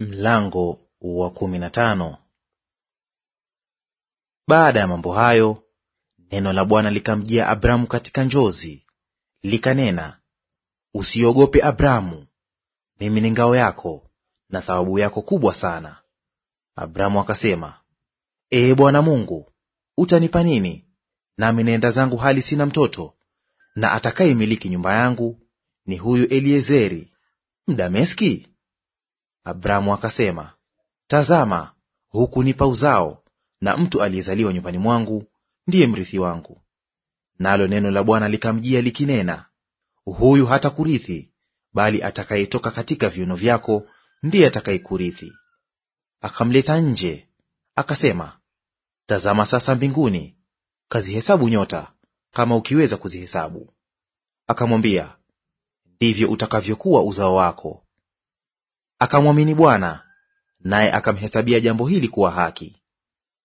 Mlango wa kumi na tano. Baada ya mambo hayo, neno la Bwana likamjia Abramu katika njozi, likanena, usiogope Abramu, mimi ni ngao yako na thawabu yako kubwa sana. Abramu akasema, Ee Bwana Mungu, utanipa nini, nami naenda zangu hali sina mtoto, na atakayemiliki nyumba yangu ni huyu Eliezeri Mdameski? Abrahamu akasema, tazama, huku nipa uzao, na mtu aliyezaliwa nyumbani mwangu ndiye mrithi wangu. Nalo neno la Bwana likamjia likinena, huyu hatakurithi, bali atakayetoka katika viuno vyako ndiye atakayekurithi. Akamleta nje, akasema, tazama sasa mbinguni, kazihesabu nyota, kama ukiweza kuzihesabu. Akamwambia, ndivyo utakavyokuwa uzao wako akamwamini Bwana, naye akamhesabia jambo hili kuwa haki.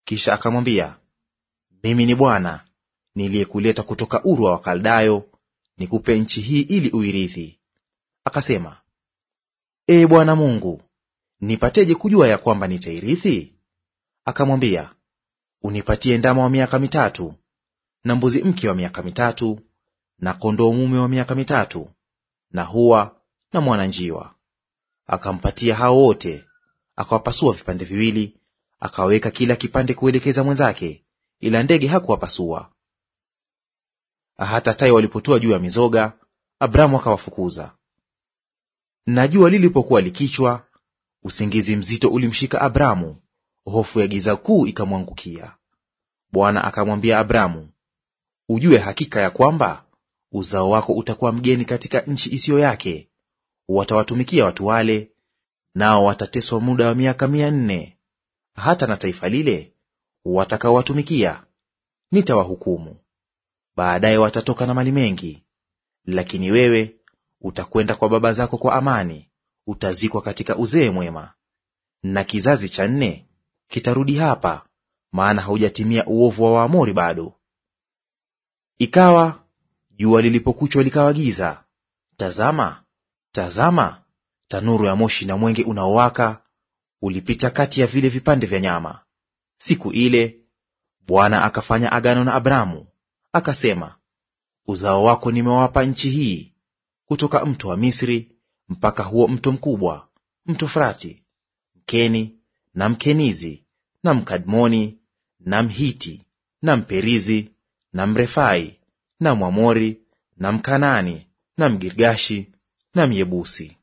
Kisha akamwambia, mimi ni Bwana niliyekuleta kutoka Uru wa Wakaldayo nikupe nchi hii ili uirithi. Akasema, Ee Bwana Mungu, nipateje kujua ya kwamba nitairithi? Akamwambia, unipatie ndama wa miaka mitatu na mbuzi mke wa miaka mitatu na kondoo mume wa miaka mitatu na hua na mwana njiwa akampatia hao wote, akawapasua vipande viwili, akaweka kila kipande kuelekeza mwenzake, ila ndege hakuwapasua. Hata tai walipotua juu ya mizoga, Abramu akawafukuza. Na jua lilipokuwa likichwa, usingizi mzito ulimshika Abramu, hofu ya giza kuu ikamwangukia. Bwana akamwambia Abramu, ujue hakika ya kwamba uzao wako utakuwa mgeni katika nchi isiyo yake, watawatumikia watu wale, nao watateswa muda wa miaka mia nne, hata na taifa lile watakaowatumikia nitawahukumu. Baadaye watatoka na mali mengi, lakini wewe utakwenda kwa baba zako kwa amani, utazikwa katika uzee mwema. Na kizazi cha nne kitarudi hapa, maana haujatimia uovu wa Waamori bado. Ikawa jua lilipokuchwa likawa giza, tazama, Tazama, tanuru ya moshi na mwenge unaowaka ulipita kati ya vile vipande vya nyama. Siku ile Bwana akafanya agano na Abramu akasema, uzao wako nimewapa nchi hii, kutoka mto wa Misri mpaka huo mto mkubwa, mto Frati, Mkeni na Mkenizi na Mkadmoni na Mhiti na Mperizi na Mrefai na Mwamori na Mkanani na Mgirgashi na Myebusi.